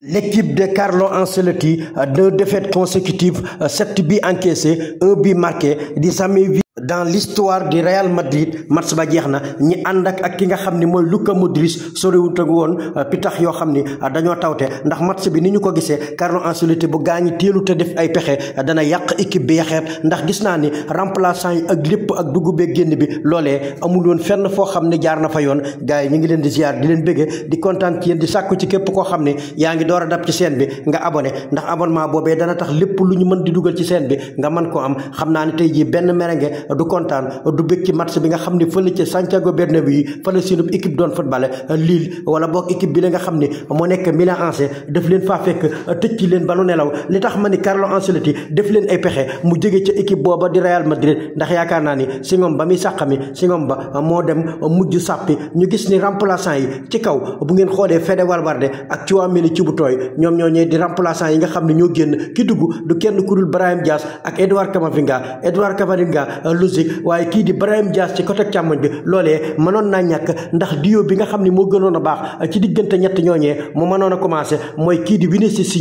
L'équipe de Carlo Ancelotti, euh, deux défaites consécutives, euh, sept buts encaissés, un but marqué, des amis dans l'histoire du Real Madrid match ba jeex na ñi ànd ak ak ki nga xam ni mooy Luka Modric soriwut ak woon euh, pitax yoo xam ni euh, dañoo tawte ndax match bi ni ñu ko gisee kar Carlo Ancelotti bu gaa ñi teelu te def ay pexe euh, dana yàq équipe bi yaxeet ndax gis naa ni remplaçant yi ak lépp ak dugg bee génn bi loolee amul woon fenn foo xam ni jaar na fa yoon gars yi ñu ngi leen di ziar di leen bëggee di kontaan ci yéen di sàkku ci képp koo xam ni yaa ngi door a dab ci seen bi nga abonné ndax abonnement boobee dana tax lépp lu ñu mën di dugal ci seen bi nga mën ko am xam naa ni tey jii benn merengue du kontaan du bëgg ci match bi nga xam ni fële ca Santiago Bernabéu yi fële seenub équipe doon football Lille wala boog équipe bi la nga xam ni moo nekk Milan AC def leen faa fekk tëj ci leen ba lu nelaw li tax ma ni Carlo Ancelotti def leen ay pexe mu jóge ca équipe booba di Real Madrid ndax yaakaar naa ni si ngoom ba muy sàqami si ngoom ba moo dem mujj sàppi ñu gis ni remplaçant yi ci kaw bu ngeen xoolee Fede Valverde ak Tchouaméni ci bu tooy ñoom ñoo ñëw di remplaçant yi nga xam ne ñoo génn ki dugg du kenn ku dul Brahim Diaz ak Edouard Camavinga Edouard Camavinga logique waaye kii di Brahim Diaz ci côté càmmoñ bi loolee mënoon naa ñàkk ndax duo bi nga xam ne moo gënoon a baax ci diggante ñett ñooñee mu mënoon a commencé mooy kii di Vinicius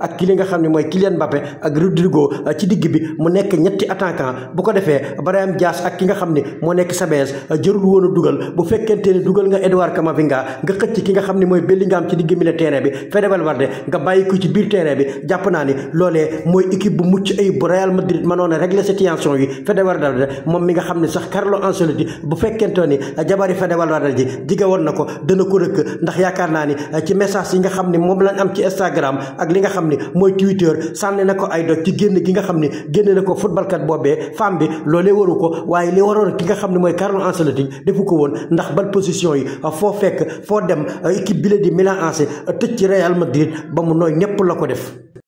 ak ki li nga xam ne mooy Kylian Mbappé ak Rodrigo ci digg bi mu nekk ñetti attaquant bu ko defee Brahim Diaz ak ki xam ne moo nekk Sabès jërul woon a bu fekkente ne dugal nga Edouard Camavinga nga xëcc ki nga xam ne mooy Bellingham ci digg mi la terrain bi Fede Valverde nga bàyyi ko ci biir bi jàpp naa ni loolee mooy équipe bu mucc ayib bu Real Madrid mënoon a régler situation yi Fede Valverde moom mi nga xam ne sax Carlo Ancelotti bu fekkentoo ni jabari Fede Valverde ji jige woon na ko dana ko rëkk ndax yaakaar naa ni eh, ci message yi nga xam ne moom la am ci Instagram ak li nga xam ne mooy Twitter sànni na ko ay doj ci génn ki nga xam ne génn na ko footballkat boobee femme bi loolee waru ko waaye li waroon ki nga xam ne mooy Carlo Ancelotti defu ko woon ndax bal position yi eh, foo fekk foo dem eh, équipe bi la di Milan AC tëj ci Real Madrid ba nooy ñëpp la ko def